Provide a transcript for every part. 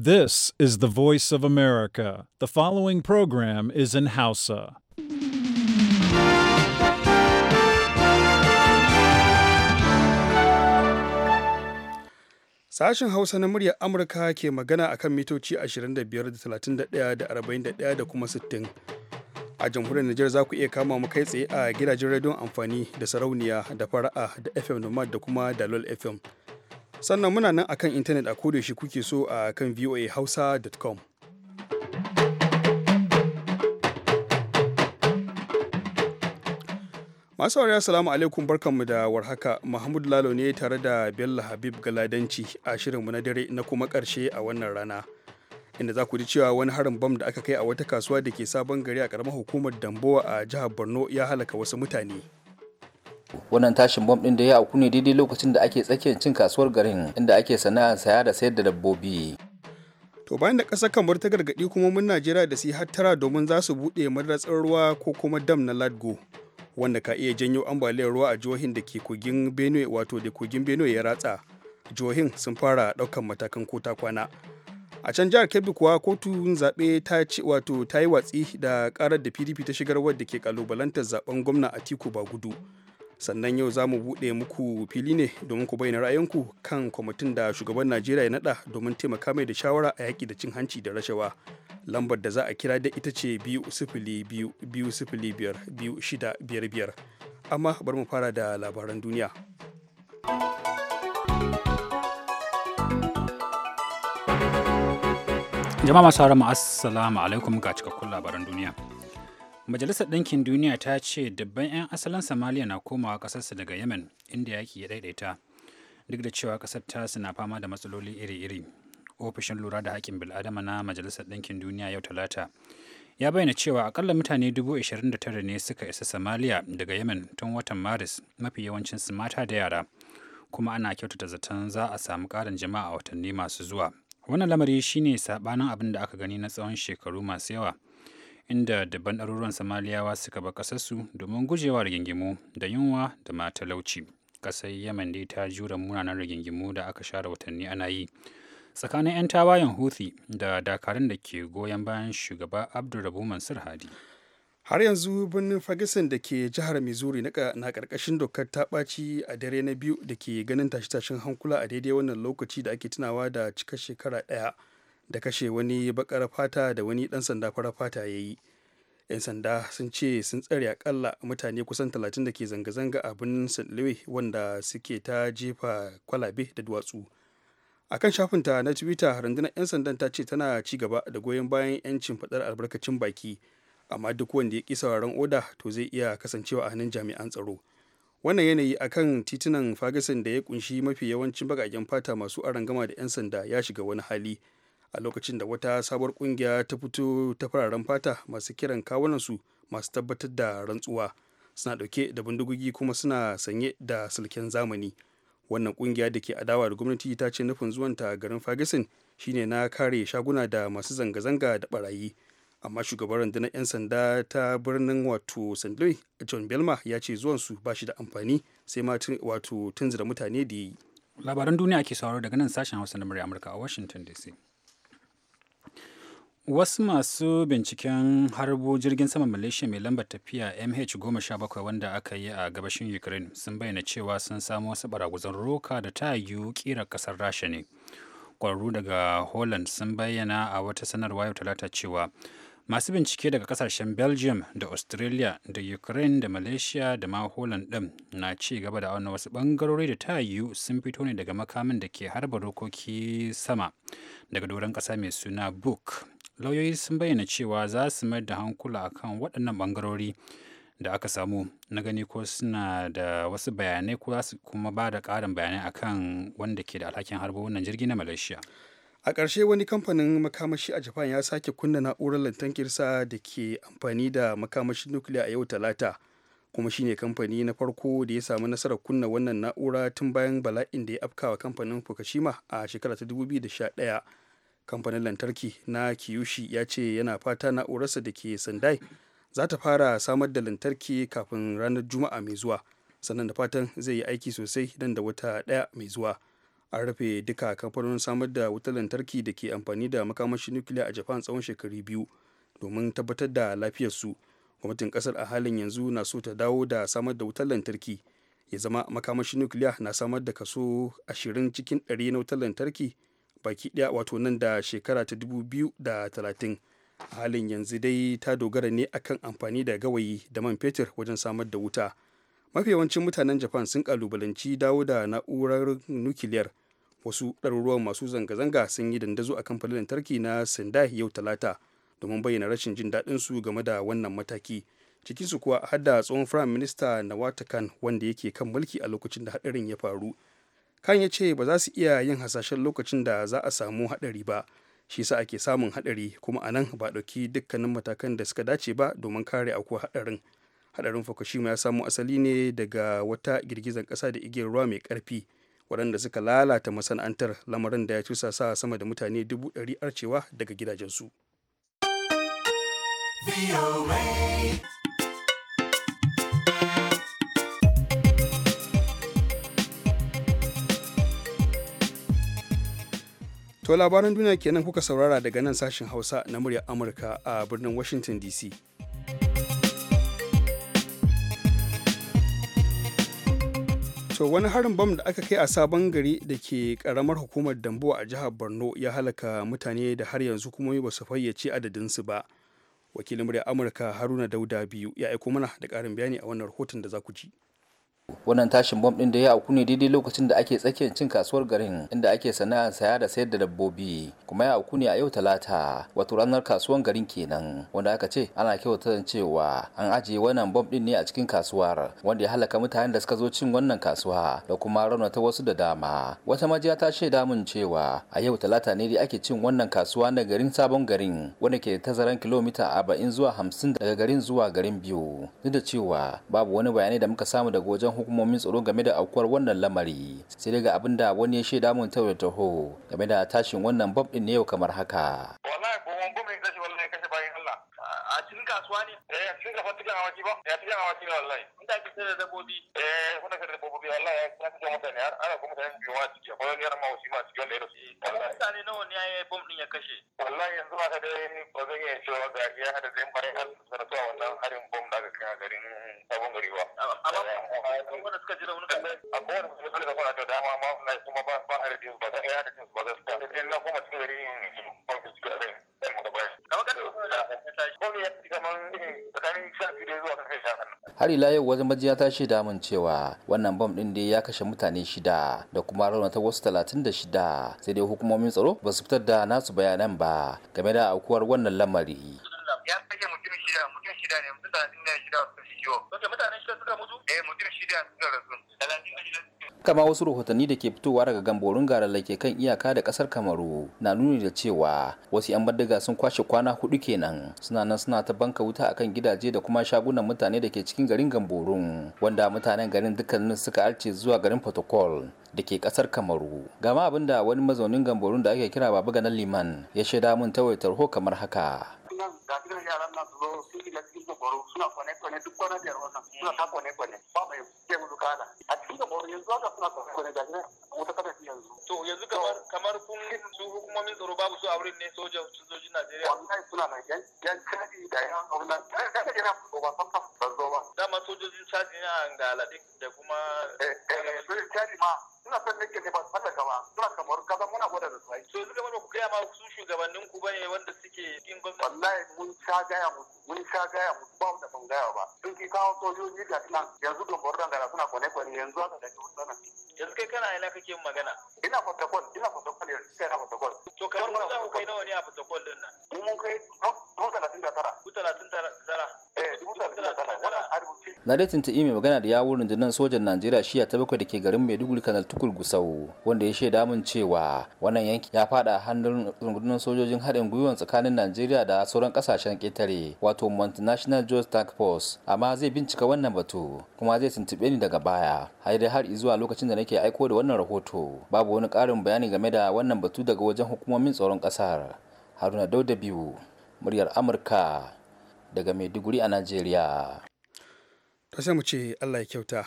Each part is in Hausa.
This is the voice of America. The following program is in Hausa. Sashen Hausa na muryar Amurka ke magana akan mitoci 25 da da 41 da kuma 60. A jamhuriyar Nijar za ku iya kama mu kai tsaye a gidajen rediyon amfani da sarauniya da fara'a da FM Nomad da kuma Dalol FM. sannan muna nan akan intanet a kodayaushe kuke so a kan voahausa.com masu wariya salamu alaikum barkanmu da warhaka mahmud lalo ne tare da bello habib galadanci a shirinmu na dare na kuma karshe a wannan rana inda za ku ji cewa wani harin bam da aka kai a wata kasuwa da ke sabon gari a karamar hukumar damboa a jihar borno ya halaka wasu mutane wannan tashin bom din da ya auku ne daidai lokacin da ake tsakiyar cin kasuwar garin inda ake sana'ar saya da sayar da dabbobi to bayan da ƙasar kamar ta gargaɗi mun najeriya da su hattara domin za su buɗe madatsar ruwa ko kuma dam na ladgo wanda ka iya janyo ambaliyar ruwa a jihohin da ke kogin benue wato da kogin benue ya ratsa jihohin sun fara ɗaukan matakan kota kwana a can jihar kebbi kuwa kotun zaɓe ta ci wato ta yi watsi da karar da pdp ta shigar wadda ke ƙalubalantar zaben gwamna atiku ba gudu sannan yau za mu buɗe muku fili ne domin ku bayyana ra'ayinku kan kwamitin da shugaban najeriya ya nada domin taimaka mai da shawara a yaƙi da cin hanci da rashawa lambar da za a kira da ita ce biyu sifili biyu sifili biyar biyu shida biyar biyar amma bar mu fara da labaran duniya jama'a masu haramu assalamu alaikum ga cikakkun labaran duniya Majalisar Ɗinkin Duniya ta ce dabban 'yan asalin samaliya na komawa ƙasarsa daga Yemen inda yaƙi ya ɗaiɗaita duk da cewa ƙasar ta na fama da matsaloli iri-iri. Ofishin lura da haƙƙin bil'adama na Majalisar Ɗinkin Duniya yau Talata ya bayyana cewa akalla mutane dubu ashirin da tara ne suka isa samaliya daga Yemen tun watan Maris mafi yawancin su mata da yara kuma ana kyautata zaton za a samu ƙarin jama'a a watanni masu zuwa. Wannan lamari shine sabanin abin da aka gani na tsawon shekaru masu yawa. inda daban ɗaruruwan Somaliyawa suka ba ƙasarsu domin gujewa rigingimu da yunwa da matalauci Ƙasar Yemen dai ta jure munanan rigingimu da aka share watanni ana yi. Tsakanin 'yan tawayen Houthi da dakarun da ke goyon bayan shugaba Abdulrabu Mansur Hadi. har yanzu birnin ferguson da ke jihar missouri na karkashin dokar ta ɓaci a dare na biyu da ke ganin tashe-tashen hankula a daidai wannan lokaci da ake tunawa da cikar shekara ɗaya da kashe wani bakar fata da wani dan sanda farar fata ya yi 'yan sanda sun ce sun tsare akalla mutane kusan 30 da ke zanga-zanga a birnin st louis wanda suke ta jefa kwalabe da duwatsu a kan shafinta na twitter rundunar 'yan sandan ta ce tana ci gaba da goyon bayan 'yancin fadar albarkacin baki amma duk wanda ya ƙi ran oda to zai iya kasancewa a hannun jami'an tsaro wannan yanayi akan titunan ferguson da ya kunshi mafi yawancin bagagen fata masu arangama da 'yan sanda ya shiga wani hali a lokacin da wata sabuwar kungiya ta fito ta fararen fata masu kiran kawunansu masu tabbatar da rantsuwa suna dauke da bindigogi kuma suna sanye da sulken zamani wannan kungiya da ke adawa da gwamnati ta ce nufin zuwanta garin ferguson shine na kare shaguna da masu zanga-zanga da barayi amma shugaban rundunar 'yan sanda ta birnin wato st louis john belma ya ce zuwansu ba shi da amfani sai ma wato tunzura mutane da ya yi labaran duniya ke sauraro daga nan sashen hausa na murya amurka a washington dc wasu masu binciken harbo jirgin sama malaysia mai lambar tafiya mh17 wanda aka yi a gabashin ukraine sun bayyana cewa sun samu wasu baraguzan roka da ta yi kira kasar rasha ne kwararru daga holland sun bayyana a wata sanarwa yau talata cewa masu bincike daga kasashen belgium da australia da ukraine da malaysia da ma holland din na ci gaba da auna wasu bangarori da ta yiwu sun fito ne daga makamin da ke harba rokoki sama daga doron kasa mai suna book lauyoyi sun bayyana cewa za su mayar da hankula akan waɗannan ɓangarori da aka samu na gani ko suna da wasu bayanai ko za su kuma ba da ƙarin bayanai akan wanda ke da alhakin harbo wannan jirgi na malaysia a ƙarshe wani kamfanin makamashi a japan ya sake kunna na'urar lantarkin lantarkinsa da ke amfani da makamashin nukiliya a yau talata kuma shine kamfani na farko da ya samu nasarar kunna wannan na'ura tun bayan bala'in da ya afkawa kamfanin fukushima a shekara ta 2011 kamfanin lantarki na kiyushi ya ce yana fata na'urarsa da ke sandai za ta fara samar da lantarki kafin ranar juma'a mai zuwa sannan da fatan zai yi aiki sosai nan da wata ɗaya mai zuwa an rufe duka kamfanonin samar da wutar lantarki da ke amfani da makamashin nukiliya a japan tsawon shekaru biyu domin tabbatar da lafiyarsu gwamnatin kasar a halin yanzu na so ta dawo da samar da wutar lantarki ya zama makamashin nukiliya na samar da kaso ashirin cikin 100 na wutar lantarki baki ɗaya wato nan da shekara ta dubu biyu da talatin a halin yanzu dai ta dogara ne akan amfani da gawayi da man fetur wajen samar da wuta mafi yawancin mutanen japan sun kalubalanci dawo da na'urar nukiliyar wasu ɗaruruwan masu zanga-zanga sun yi dandazo a kamfanin lantarki na sendai yau talata domin bayyana rashin jin daɗin su game da wannan mataki cikinsu kuwa har da tsohon firayim minista na watakan wanda yake kan mulki a lokacin da haɗarin ya faru kan ya ce ba za su iya yin hasashen lokacin da za a samu haɗari ba shi sa ake samun haɗari kuma a nan ba ɗauki dukkanin matakan da suka dace ba domin kare akuwa haɗarin haɗarin fukushima ya samu asali ne daga wata girgizar ƙasa da igiyar ruwa mai ƙarfi waɗanda suka lalata masana'antar lamarin da ya cusa sa sama da mutane dubu ɗari arcewa daga gidajensu. To labaran duniya kenan kuka saurara daga nan sashen Hausa na muryar Amurka a birnin Washington DC. To wani harin bam da aka kai a sabon gari da ke karamar hukumar dambu a jihar Borno ya halaka mutane da har yanzu kuma ba su fayyace adadinsu ba. Wakilin muryar Amurka Haruna Dauda biyu ya aiko mana da ƙarin bayani a wannan rahoton da za ku ji. wannan tashin bom din da ya auku ne daidai lokacin da ake tsakiyar cin kasuwar garin inda ake sana'ar saya da sayar da dabbobi kuma ya auku ne a yau talata wato ranar kasuwar garin kenan wanda aka ce ana kyautar cewa an ajiye wannan bom din ne a cikin kasuwar wanda ya halaka mutanen da suka zo cin wannan kasuwa da kuma raunata wasu da dama wata majiya ta shaida mun cewa a yau talata ne da ake cin wannan kasuwa na garin sabon garin wanda ke tazaran kilomita arba'in zuwa hamsin daga garin zuwa garin biyu duk da cewa babu wani bayani da muka samu daga wajen hukumomin tsaro game da aukuwar wannan lamari sai daga abin da wani ya shaida mun taho game da tashin wannan bab ɗin ne yau kamar haka wallahi ko mun wallahi kasuwa ne? Eh, cikin a cikin awaki ba. Ya cikin awaki ne wallahi. da ake sayar da dabbobi. Eh, kuna sayar da dabbobi wallahi ya kuma cikin mutane har ana kuma mutane biyu ma ciki. Akwai wani yaran ma ma ciki wanda ya rasu. Wallahi. Mutane nawa ne ya bom ɗin ya kashe? Wallahi yanzu ba ka dai ba zan iya cewa ga ya hada zai bayan har da a wannan harin bom da aka kai a garin sabon gari ba. Amma kuma da suka ji raunuka. da dama ma kuma ba ba harbi ba za a yi hada ba za su ta. Sai kuma cikin gari ne. Kamar ka ce. Ko ne ya har ila yau wajen majiya ta shaida min cewa wannan bom din dai ya kashe mutane shida da kuma raunata wasu talatin da shida sai dai hukumomin tsaro ba su fitar da nasu bayanan ba game da aukuwar wannan lamari ya sake mutum shida mutum shida ne mutum da shida su shi wanda mutanen shida suka mutu eh mutum shida suka rasu kama wasu rahotanni da ke fitowa daga gamborin garala ke kan iyaka da kasar kamaru na nuni da cewa wasu 'yan bandiga sun kwashe kwana hudu kenan suna nan suna ta banka wuta akan gidaje da kuma shagunan mutane da ke cikin garin gamborun wanda mutanen garin dukkanin suka arce zuwa garin protocol da ke kasar kamaru gama abinda wani mazaunin gamborun da ake kira baba ganan liman ya shaida mun tawaitar ho kamar haka latigɛ baro kunnafoni kɔnɛ du kɔnɛ dɛ kɔnɛ kɔnɛ ba bɛ jɛ wulu k'a la a tigi ka baro ye dɔ ka kunnafoni kɔnɛ wata kadafi yanzu. To yanzu kamar kamar kun su hukumomin tsaro babu su a wurin ne sojan sojojin Najeriya. Wallahi suna nan yan yan kadi da yan auna. Kada da yana fito ba san ba zo ba. Dama sojojin caji ne a Galadin da kuma. Eh eh, eh sojojin caji ma suna son nake ne ba su fallaka ba suna kamar kaza muna gwada da su To yanzu kamar ba ku gaya ma su shugabannin ku bane wanda suke gwamnati. Wallahi mun sha gaya mun sha gaya ba mu da ban gaya ba. Sun ki kawo sojoji ga nan yanzu gambar suna kwane-kwane yanzu da ke wutsana. Yanzu kai kana ina kake kake magana ina protocol ina protocol yanzu sai na protocol to kamar mun za kai nawa ne a protocol din nan Ni mun kai dubu da tara dubu talatin da tara magana da yawun rundunar sojan najeriya shiya ta bakwai da ke garin maiduguri kanal tukur gusau wanda ya shaida mun cewa wannan yanki ya fada a hannun rundunar sojojin haɗin gwiwa tsakanin najeriya da sauran kasashen ƙetare wato multinational joint task force amma zai bincika wannan batu kuma zai tuntuɓe ni daga baya har har zuwa lokacin da nake aiko da wannan rahoto rahoto babu wani ƙarin bayani game da wannan batu daga wajen hukumomin tsaron ƙasar haruna dauda biyu muryar amurka daga maiduguri a najeriya ta sai mu ce allah ya kyauta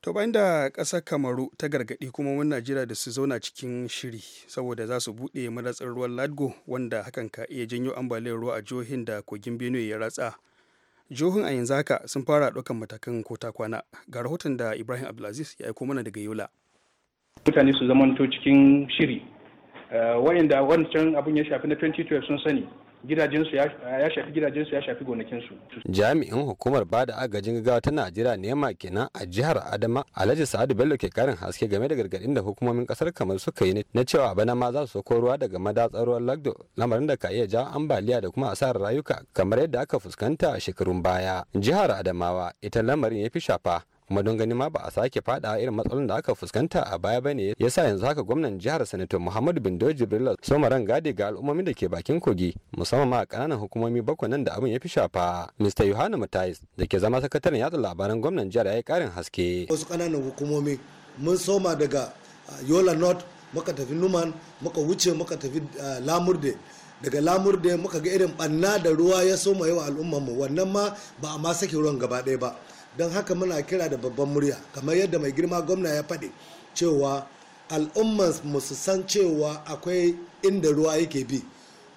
to bayan da ƙasar kamaru ta gargaɗi kuma wani najeriya da su zauna cikin shiri saboda za su buɗe madatsar ruwan ladgo wanda hakan ka iya janyo ambaliyar ruwa a jihohin da kogin benue ya ratsa jihohin a yanzu haka sun fara ɗaukan matakan ko ta kwana ga rahoton da ibrahim abdulaziz ya aiko mana daga yola mutane su zamanto cikin shiri eh, wayanda wancan abin ya shafi na 2012 sun sani gidajensu ya shafi gidajensu ya shafi gonakinsu. Jami'in hukumar bada agajin gaggawa ta Najeriya nema kenan a jihar Adama Alhaji Sa'adu Bello ke karin haske game da gargaɗin da hukumomin kasar kamar suka yi na cewa bana ma za su sauko ruwa daga madatsar ruwan Lagdo lamarin da ka iya jawo ambaliya da kuma asarar rayuka kamar yadda aka fuskanta a shekarun baya. Jihar Adamawa ita lamarin ya fi shafa kuma don gani ma ba a sake fada irin matsalolin da aka fuskanta a baya bane yasa yanzu haka gwamnan jihar sanato muhammadu bindo jibrila somaran gadi ga al'ummomin da ke bakin kogi musamman ma a kananan hukumomi bakwai nan da abin ya fi shafa mr yohana matais da ke zama sakataren yatsa labaran gwamnan jihar ya yi karin haske wasu kananan hukumomi mun soma daga uh, yola north muka tafi numan muka wuce muka tafi uh, lamurde daga lamurde muka ga irin banna da ruwa ya soma yawa al'ummar mu wannan ma ba a ma sake ruwan gaba ɗaya ba don haka muna kira da babban murya kamar yadda mai girma gwamna ya faɗi cewa al'umman musu san cewa akwai inda ruwa yake bi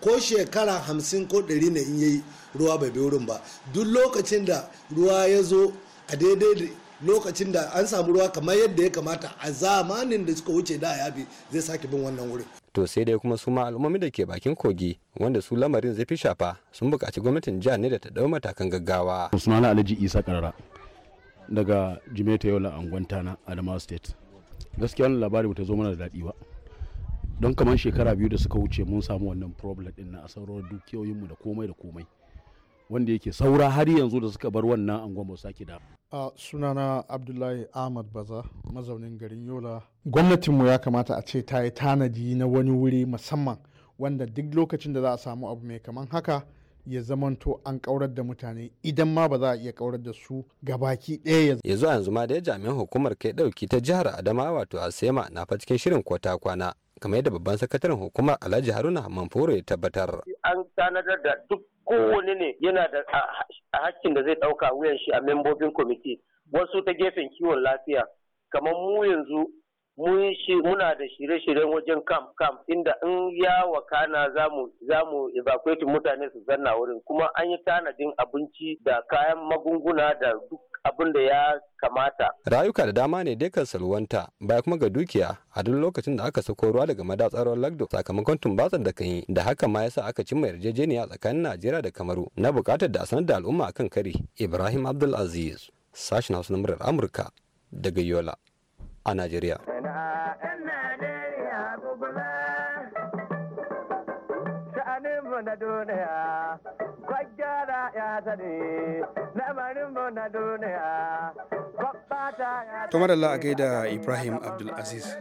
ko shekara hamsin ko ɗari na in yi ruwa bai bi wurin ba duk lokacin da ruwa ya zo a daidai lokacin da an samu ruwa kamar yadda ya kamata a zamanin da suka wuce da ya bi zai sake bin wannan wurin to sai dai kuma suma ma al'ummomi da ke bakin kogi wanda su lamarin zai fi shafa sun buƙaci gwamnatin jihar ne da ta ɗau matakan gaggawa usmanu alhaji isa karara daga jimeta yola angon tana adamawa state gaskiya wannan labari ta zo mana da daɗi ba don kamar shekara biyu da suka wuce mun samu wannan problem din na a asarowar dukiyoyinmu da komai da komai wanda yake saura har yanzu da suka bar wannan angon ba sake da a sunana abdullahi ahmad baza mazaunin garin yola gwamnatinmu ya kamata a ce ta yi tanadi na wani wuri musamman wanda duk lokacin da za a samu abu mai kaman haka ya zamanto an kaurar da mutane idan ma ba za a iya kaurar da su gabaki ɗaya ya zuwa yanzu ma da jami'an hukumar kai ɗauki ta jihar adama wato asema na fa cikin shirin kwata kwana kamar yadda babban sakataren hukumar alhaji haruna manforo ya tabbatar an tanadar da duk kowane ne yana da a hakkin da zai ɗauka wuyan shi a membobin kwamiti wasu ta gefen kiwon lafiya kamar mu yanzu mun shi muna da shirye-shiryen wajen camp kam inda in ya wakana za mu za mutane su zanna wurin kuma an yi tanadin abinci da kayan magunguna da duk abin da ya kamata. Rayuka da dama ne dai salwanta baya kuma ga dukiya a duk lokacin da aka sako ruwa daga madatsarar lagdo sakamakon tumbatsar da kan yi da haka ma yasa aka cimma yarjejeniya tsakanin Najeriya da Kamaru na buƙatar da a sanar da al'umma akan kare Ibrahim Abdulaziz Aziz sashen Hausa na Amurka daga Yola. a najeriya na duniya kwaggara gaida ibrahim abdulaziz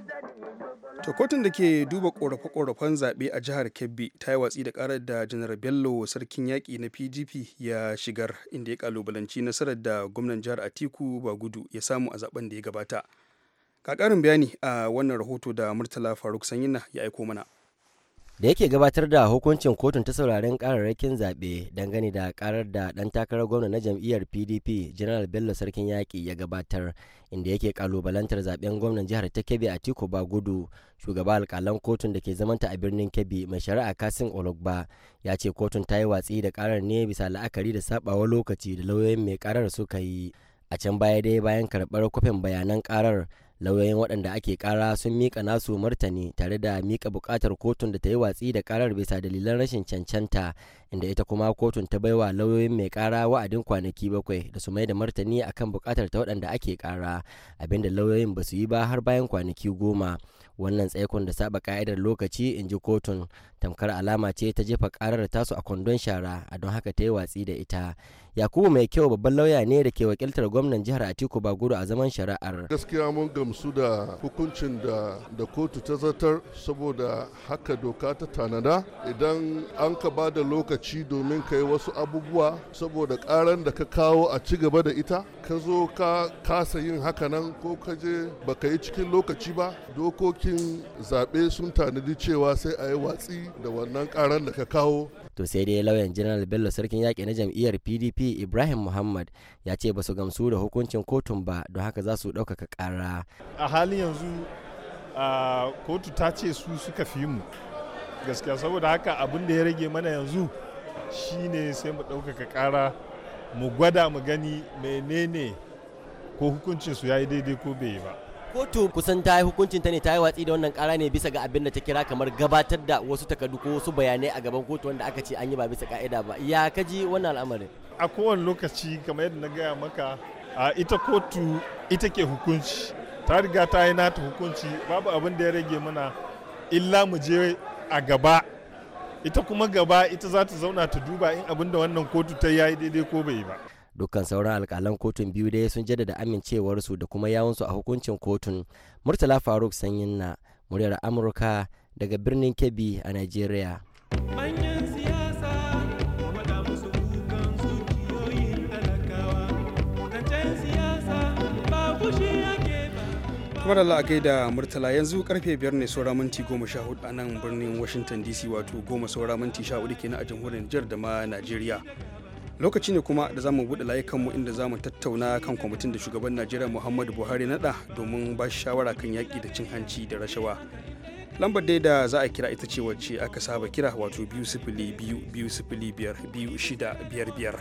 to kotun da ke duba korafe-korafen zaɓe a jihar kebbi ta yi watsi da ƙarar da janar bello sarkin yaƙi na pdp ya shigar inda ya ƙalubalanci nasarar da gwamnan jihar atiku ba gudu ya samu a zaɓen da ya gabata ga ƙarin bayani a wannan rahoto da murtala faruk sanyina ya aiko mana da yake gabatar da hukuncin kotun ta sauraren kararrakin zaɓe dangane da karar da ɗan takarar gwamna na jam'iyyar pdp general bello sarkin yaƙi ya gabatar inda yake kalubalantar zaɓen gwamnan jihar ta kebbi a tiko ba gudu shugaba alƙalan kotun da ke zamanta a birnin kebbi mai shari'a kasin olugba ya ce kotun ta yi watsi da karar ne bisa la'akari da saɓawa lokaci da lauyoyin mai karar suka yi a can baya dai bayan karɓar kwafin bayanan karar lauyoyin waɗanda ake ƙara sun mika nasu martani tare da mika buƙatar kotun da ta yi watsi da ƙarar bisa dalilan rashin cancanta inda ita kuma kotun ta baiwa lauyoyin mai kara wa'adin kwanaki bakwai da su mai da martani akan bukatar ta waɗanda ake kara abinda lauyoyin ba su yi ba har bayan kwanaki goma wannan tsaikon da saba ka'idar lokaci in ji kotun tamkar alama ce ta jefa karar tasu a kwandon shara a don haka ta yi watsi da ita yakubu mai kyau babban lauya ne da ke wakiltar gwamnan jihar atiku bagudu a zaman shari'ar gaskiya mun gamsu da hukuncin da da kotu ta zartar saboda haka doka ta tanada idan an ka ba da lokaci lokaci domin ka yi wasu abubuwa saboda karan da ka kawo a ci gaba da ita ka zo ka kasa yin hakanan ko ka je ba ka yi cikin lokaci ba dokokin zaɓe sun tanadi cewa sai a yi watsi da wannan karan da ka kawo to sai dai lauyan janar bello sarkin yaƙi na jam'iyyar pdp ibrahim muhammad ya ce ba su gamsu da hukuncin kotun ba don haka za su ɗaukaka ƙara a halin yanzu kotu ta ce su suka fi mu gaskiya saboda haka abin da ya rage mana yanzu shine sai mu ɗaukaka ƙara mu gwada mu gani menene ko hukuncin su yayi daidai ko bai yi ba kotu kusan ta yi hukuncin ta ne ta yi watsi da wannan ƙara ne bisa ga abin da ta kira kamar gabatar da wasu takardu ko wasu bayanai a gaban kotu wanda aka ce an yi ba bisa ka'ida ba ya kaji wannan al'amarin a kowane lokaci kamar yadda na gaya maka a ita kotu ita ke hukunci ta riga ta yi nata hukunci babu abin da ya rage mana illa mu je a gaba ita kuma gaba ita za ta zauna ta duba in abin da wannan kotu ta yayi daidai ko bai ba dukkan sauran alkalan kotun biyu dai sun jaddada amincewarsu da kuma yawansu a hukuncin kotun murtala faruk sanyin na muryar amurka daga birnin kebbi a nigeria kamar Allah a gaida murtala yanzu karfe biyar ne saura minti goma sha hudu a nan birnin washington dc wato goma saura minti sha hudu kenan a jamhuriyar nijar da ma najeriya lokaci ne kuma da zamu buɗe layukanmu inda zamu tattauna kan kwamitin da shugaban najeriya muhammadu buhari na da domin ba shawara kan yaƙi da cin hanci da rashawa lambar dai da za a kira ita ce wacce aka saba kira wato biyu sifili biyu biyu sifili biyar biyu shida biyar biyar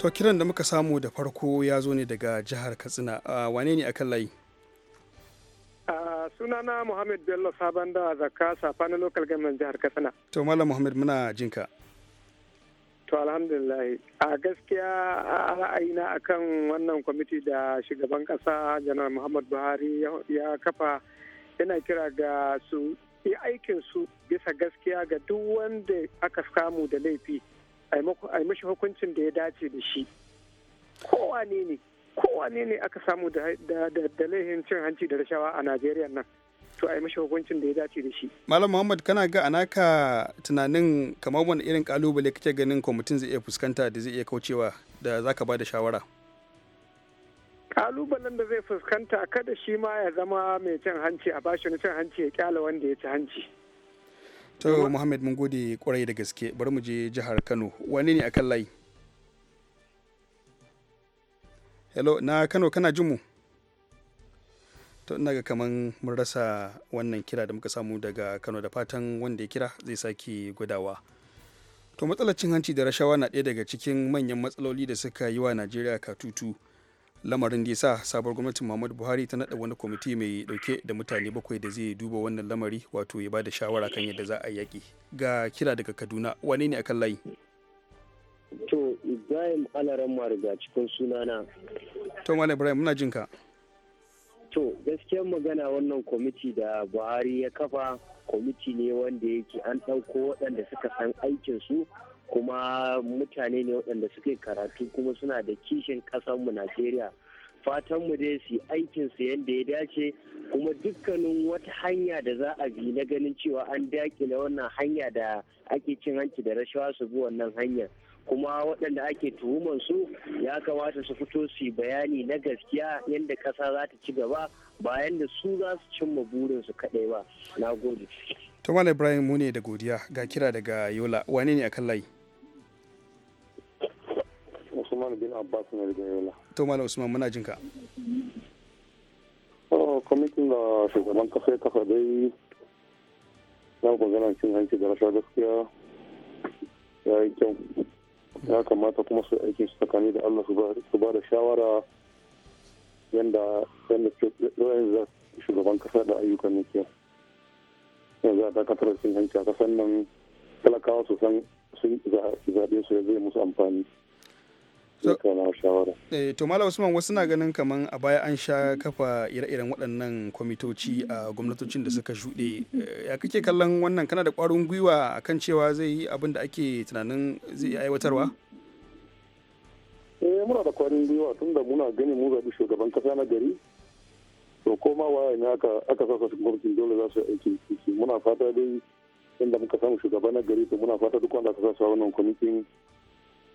to kiran da muka samu da farko ya zo ne daga jihar katsina wane ne akan layi sunana muhammad bello sabon da zakka safa na local government jihar katsina to malam muhammad muna jinka to alhamdulillah a gaskiya ra'ayina akan wannan kwamiti da shugaban kasa janar muhammad buhari ya kafa yana kira ga su yi aikinsu bisa gaskiya ga duk wanda aka samu da laifi a yi mashi hukuncin da ya dace da shi kowane ne kowane ne aka samu da laihin cin hanci da rashawa a najeriya nan to a yi mashi hukuncin da ya dace da shi malam muhammad kana ga anaka tunanin kamar wani irin kalubale kake ganin kwamitin zai iya fuskanta da zai iya kaucewa da zaka ba da shawara kalubalen da zai fuskanta kada shi ma ya zama mai cin hanci a bashi na cin hanci ya kyala wanda ya ci hanci to muhammad mun gode kwarai da gaske bari mu je jihar kano wani ne akan layi hello na kano kana jin mu to ina ga kaman mun rasa wannan kira da muka samu daga kano da fatan wanda ya kira zai sake gudawa to matsalar cin hanci da rashawa na ɗaya daga cikin manyan matsaloli da suka yi wa najeriya katutu lamarin da ya sa sabuwar gwamnatin muhammadu buhari ta naɗa wani kwamiti mai ɗauke da mutane bakwai da zai duba wannan lamari wato ya bada shawara kan yadda za a yaƙi ga kira daga kaduna wane ne akan layi to ibrahim alaran mariga cikin sunana to malam ibrahim muna jin ka to gaskiyar magana wannan kwamiti da buhari ya kafa kwamiti ne wanda yake an ɗauko waɗanda suka san aikinsu kuma mutane ne waɗanda suke karatu kuma suna da kishin mu najeriya fatan mu dai su aikin su yadda ya dace kuma dukkanin wata hanya da za a bi na ganin cewa an dakile wannan hanya da ake cin hanci da rashawa su bi wannan hanya kuma waɗanda ake tuhuman su ya kamata su fito su bayani na gaskiya yadda ƙasa za ta ci gaba bayan da su za su cimma burinsu kaɗai ba na gode. Ibrahim mu ne da godiya ga kira daga Yola wane ne a kan layi? Usman bin Abbas na daga Yola. To Malam Usman muna jinka. kwamitin da shugaban kasa ya kafa dai na gana cin hanci da rasha gaskiya ya yi kyau ya kamata kuma su aikin su tsakani da Allah su ba da shawara yadda yadda shugaban kasa da ayyukan na kyau yanzu a dakatar cin hanci a kasan nan talakawa su san sun zaɓe su ya zai musu amfani. Eh, to malam usman wasu na ganin kaman a baya an sha kafa ire-iren waɗannan kwamitoci a gwamnatocin da suka shuɗe eh, ya kake kallon wannan kana da ƙwarin gwiwa a kan cewa zai yi abin da ake tunanin zai aiwatarwa eh muna da ƙwarin gwiwa tun da muna ganin mu zaɓi shugaban kasa na gari to koma waye ne aka aka sasa gwamnatin dole za su aikin muna fata dai inda muka samu shugaba na gari to muna fata duk wanda aka sasa wannan kwamitin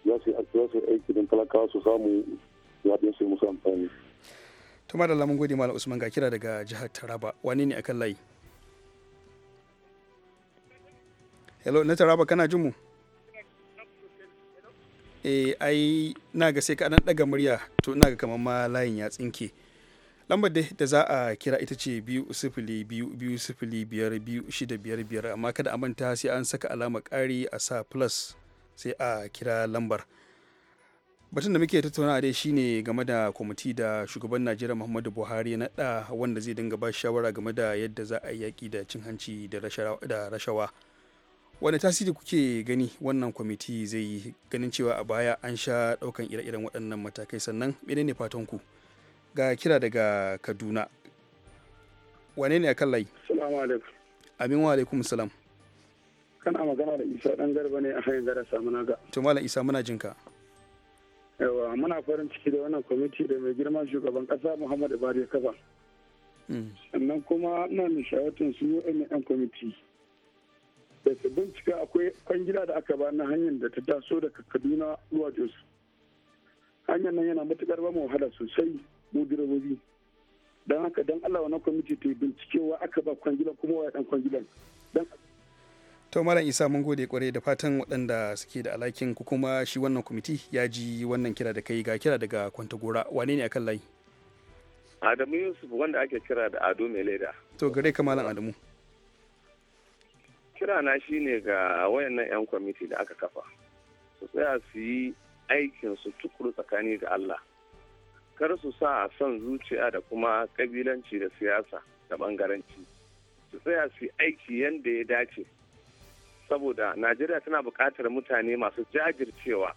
za su yi aiki don talakawa su samu zaɓen su musu amfani. tuma da lamun gudi malam usman ga kira daga jihar taraba wani ne akan layi hello na taraba kana jin mu eh ai na ga sai ka dan daga murya to ina ga kamar ma layin ya tsinke lambar dai da za a kira ita ce biyu sifili biyu biyu sifili biyar biyu shida biyar biyar amma kada a manta sai an saka alama kari a sa plus sai a kira lambar batun da muke tattaunawa dai shine game da kwamiti da shugaban najeriya muhammadu buhari ya naɗa wanda zai dinga ba shawara game da yadda za a yi yaƙi da cin hanci da rashawa wani tasiri kuke gani wannan kwamiti zai yi ganin cewa a baya an sha ɗaukan ire-iren waɗannan matakai sannan menene fatan ku ga kira daga kaduna wane ne a kan layi amin wa alaikum salam kana magana da isa dan garba ne a hanyar gara samuna ga to mala isa muna jinka. yawa muna farin ciki da wannan kwamiti da mai girma shugaban kasa muhammad bari ya kafa mm. sannan kuma ina nishawatin su yi yan kwamiti da su bincika akwai kwangila da aka ba na hanyar da ta taso daga kaduna zuwa jos hanyar nan yana matukar ba mu wahala sosai mu direbobi don haka don allah wannan kwamiti ta yi bincikewa aka ba kwangila kuma wa dan kwangilan don to malam isa mun gode kwarai da fatan waɗanda suke da alakin ku kuma shi wannan kwamiti ya ji wannan kira da kai ga kira daga kwantagora wane ne akan layi adamu yusuf wanda ake kira da ado mai leda to gare ka malam adamu kira na ne ga wayannan yan kwamiti da aka kafa su tsaya su yi aikin su tukuru tsakani da allah kar su sa a son zuciya da kuma kabilanci da siyasa da bangaranci su tsaya su yi aiki yadda ya dace saboda najeriya tana bukatar mutane masu jajircewa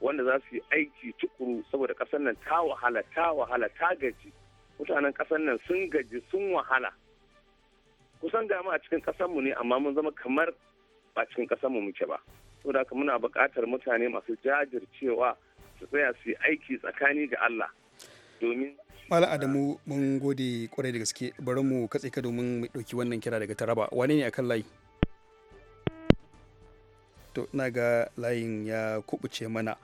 wanda za su yi aiki tukuru saboda ƙasar nan ta wahala ta wahala ta gaji mutanen ƙasar nan sun gaji sun wahala kusan ga a cikin ƙasarmu ne amma mun zama kamar ba cikin ƙasarmu muke ba saboda haka muna buƙatar mutane masu jajircewa su tsaya su yi aiki tsakani ga Allah domin Mala Adamu mun gode kwarai da gaske bari mu katse ka domin mu ɗauki wannan kira daga Taraba wane ne akan layi? to ina ga layin ya kubuce mana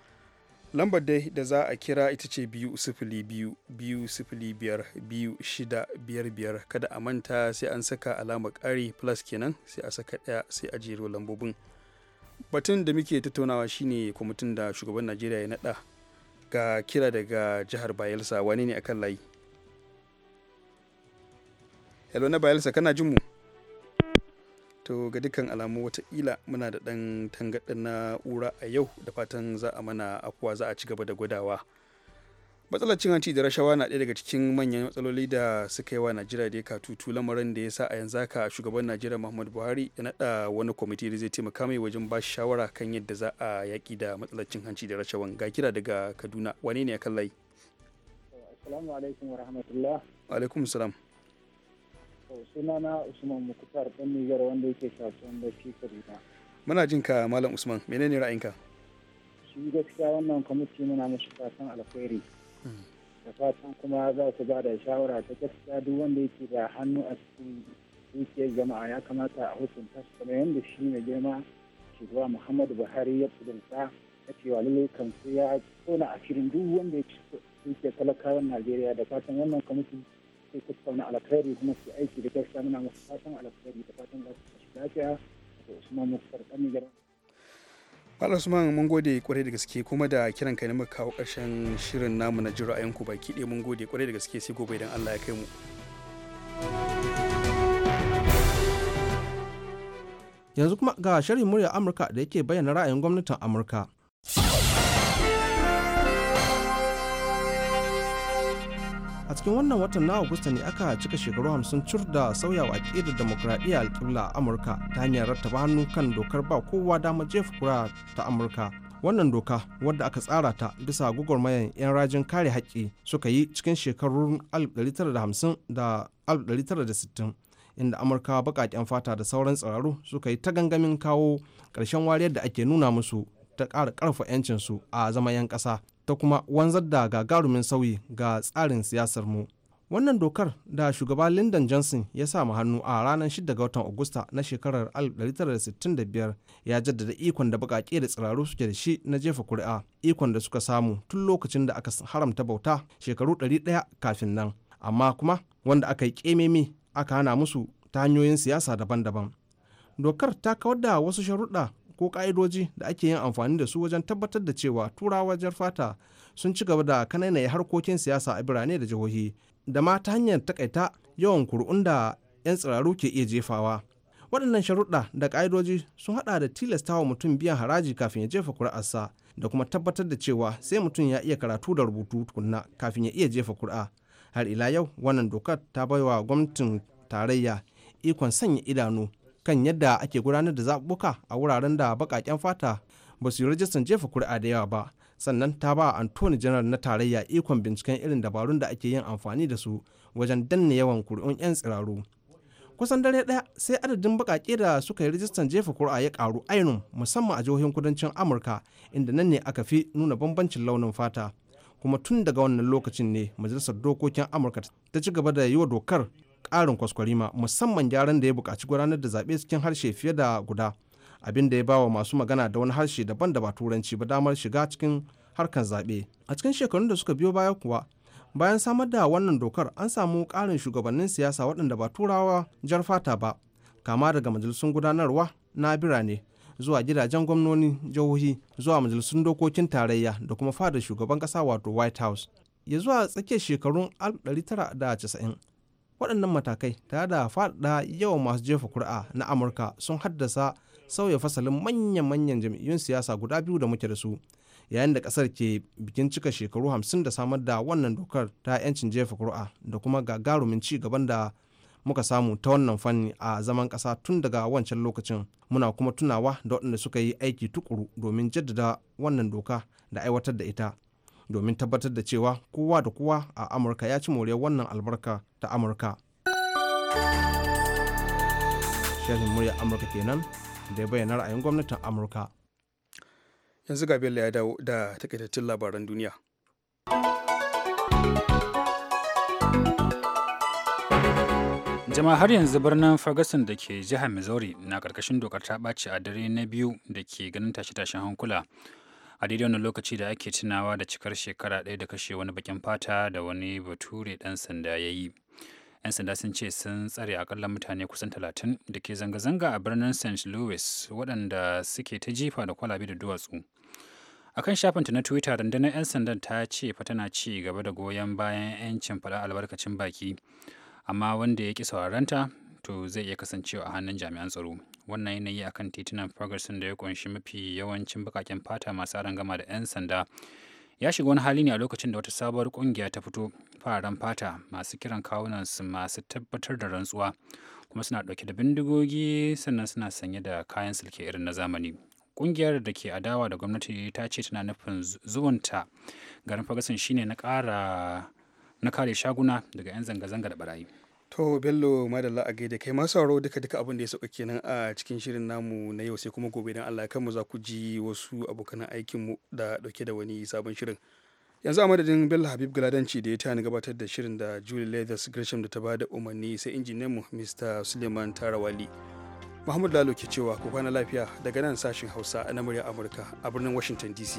lambar dai da za a kira ita ce biyu sifili biyu biyu sifili biyar biyu shida biyar biyar kada a manta sai an saka alamar ƙari plus kenan sai a saka ɗaya sai a jero lambobin batun da muke tattaunawa shine kwamitin da shugaban najeriya ya naɗa ga kira daga jihar bayelsa wane ne akan layi hello na bayelsa kana jin mu to ga dukkan alamu watakila muna da ɗan tangaɗin na'ura a yau da fatan za a mana akwa za a ci gaba da gwadawa matsalar cin hanci da rashawa na ɗaya daga cikin manyan matsaloli da suka yi wa najeriya da ya katutu lamarin da ya sa a yanzu haka shugaban najeriya muhammadu buhari ya naɗa wani kwamiti da zai taimaka mai wajen ba shawara kan yadda za a yaƙi da matsalar cin hanci da rashawan ga kira daga kaduna wane ne ya kallai alaikum salam suna usman mukutar ɗan wanda yake kasuwan da ke muna jin ka malam usman menene ra'ayinka shi gaskiya wannan kwamiti muna mashi fatan alkhairi hmm. da fatan kuma za su ba da shawara ta gaskiya duk wanda yake da hannu a cikin dukiyar jama'a ya kamata a hukunta su kamar yadda shi mai girma shugaba muhammadu buhari ya kudurta ya cewa lallai kan ya tona shirin duk wanda ya ci dukiyar talakawan najeriya da fatan wannan kwamiti sai ku sauna alkhairi kuma su aiki da kyau muna masu fatan alkhairi da fatan lafiya da Usman Muktar Kamigar. Malam Usman mun gode kwarai da gaske kuma da kiran kai ne muka kawo ƙarshen shirin namu na jira ayanku baki ɗaya mun gode kwarai da gaske sai gobe idan Allah ya kai mu. Yanzu kuma ga shirin murya Amurka da yake bayyana ra'ayin gwamnatin Amurka. cikin wannan watan na agusta ne aka cika shekaru hamsin cur da sauyawa aƙidar demokuraɗiyya alƙibla a amurka ta hanyar rattaba hannu kan dokar ba kowa dama jefa kura ta amurka wannan doka wadda aka tsara ta bisa gwagwarmayar 'yan rajin kare haƙƙi suka yi cikin shekarun 1950 da 1960 inda amurka baƙaƙen fata da sauran tsararru suka yi ta gangamin kawo ƙarshen wariyar da ake nuna musu ta ƙara ƙarfa 'yancinsu a zama 'yan ƙasa ta kuma wanzar da gagarumin sauyi ga tsarin siyasar mu wannan dokar da shugaba lyndon johnson ya sa hannu a ranar 6 ga watan agusta na shekarar 1965 ya jaddada ikon da bakake da tsiraru suke da shi na jefa kuri'a ikon da suka samu tun lokacin da aka haramta bauta shekaru 100 kafin nan amma kuma wanda aka yi kememi aka hana musu ta hanyoyin siyasa daban-daban dokar ta kawar da wasu sharuɗa ko ka'idoji da ake yin amfani da su wajen tabbatar da cewa turawa jar fata sun ci gaba da yi harkokin siyasa a birane da jihohi da ma ta hanyar takaita yawan kur'un da 'yan tsiraru ke iya jefawa waɗannan sharuɗa da ka'idoji sun haɗa da tilastawa mutum biyan haraji kafin ya jefa kuri'arsa da kuma tabbatar da cewa sai mutum ya iya karatu da rubutu tukunna kafin ya iya jefa kuri'a har ila yau wannan dokar ta baiwa gwamnatin tarayya ikon sanya idanu kan yadda ake gudanar da zaɓuɓɓuka a wuraren da baƙaƙen fata ba su yi rajistan jefa kuri'a da yawa ba sannan ta ba antoni janar na tarayya ikon binciken irin dabarun da ake yin amfani da su wajen danne yawan kuri'un 'yan tsiraru kusan dare ɗaya sai adadin baƙaƙe da suka yi rajistan jefa kuri'a ya ƙaru ainun musamman a jihohin kudancin amurka inda nan ne aka fi nuna bambancin launin fata kuma tun daga wannan lokacin ne majalisar dokokin amurka ta ci gaba da yi wa dokar ƙarin kwaskwarima musamman gyaran da ya buƙaci gudanar da zaɓe cikin harshe fiye da guda abin da ya ba wa masu magana da wani harshe daban da ba turanci ba damar shiga cikin harkar zaɓe a cikin shekarun da suka biyo baya kuwa bayan samar da wannan dokar an samu ƙarin shugabannin siyasa waɗanda ba turawa jar fata ba kama daga majalisun gudanarwa na birane zuwa gidajen gwamnoni jihohi zuwa majalisun dokokin tarayya da kuma fadar shugaban ƙasa wato white house ya zuwa tsakiyar shekarun 1990 waɗannan matakai tare da faɗaɗa yawan masu jefa kuri'a na amurka sun haddasa sauya fasalin manyan-manyan jam'iyyun siyasa guda biyu da muke da su yayin da ƙasar ke bikin cika shekaru hamsin da samar da wannan dokar ta 'yancin jefa kuri'a da kuma gagarumin ci gaban da muka samu ta wannan fanni a zaman ƙasa tun daga wancan lokacin muna kuma tunawa da waɗanda suka yi aiki tukuru domin jaddada wannan doka da aiwatar da ita domin tabbatar da cewa kowa da kowa a amurka ya ci moriyar wannan albarka ta amurka shirin murya amurka kenan da ya bayyana ra'ayin gwamnatin amurka yanzu ga ya dawo da takaitattun labaran duniya jama'a har yanzu birnin ferguson da ke jihar missouri na karkashin dokar ta ɓaci a dare na biyu da ke ganin tashe-tashen hankula a daidai wani lokaci da ake tunawa da cikar shekara ɗaya da kashe wani bakin fata da wani bature ɗan sanda ya yi 'yan sanda sun ce sun tsare akalla mutane kusan talatin da ke zanga-zanga a birnin st louis waɗanda suke ta jifa da kwalabe da duwatsu a kan shafinta na twitter rundunar 'yan sandan ta ce fa tana ci gaba da goyon bayan 'yancin faɗa albarkacin baki amma wanda ya ƙi ta to zai iya kasancewa a hannun jami'an tsaro wannan yanayi a kan titunan ferguson da ya kunshi mafi yawancin bakaken fata masu arangama da 'yan sanda ya shiga wani hali ne a lokacin da wata sabuwar kungiya ta fito fararen fata masu kiran kawunansu masu tabbatar da rantsuwa kuma suna dauke da bindigogi sannan suna sanye da kayan sulke irin na zamani kungiyar da ke adawa da gwamnati ta ce tana nufin zuwanta garin ferguson shine na kara na kare shaguna daga 'yan zanga-zanga da barayi To Bello madalla a gaida kai masu sauraro duka duka abin da ya sauka kenan a cikin shirin namu na yau sai kuma gobe dan Allah kanmu za ku ji wasu abokan aikin mu da dauke da wani sabon shirin. Yanzu a madadin Bello Habib Galadanci da ya tani gabatar da shirin da Julie Leathers Gresham da ta ba da umarni sai injiniyan mu Mr. Suleiman Tarawali. Muhammad Lalo ke cewa ku kwana lafiya daga nan sashin Hausa na murya Amurka a birnin Washington DC.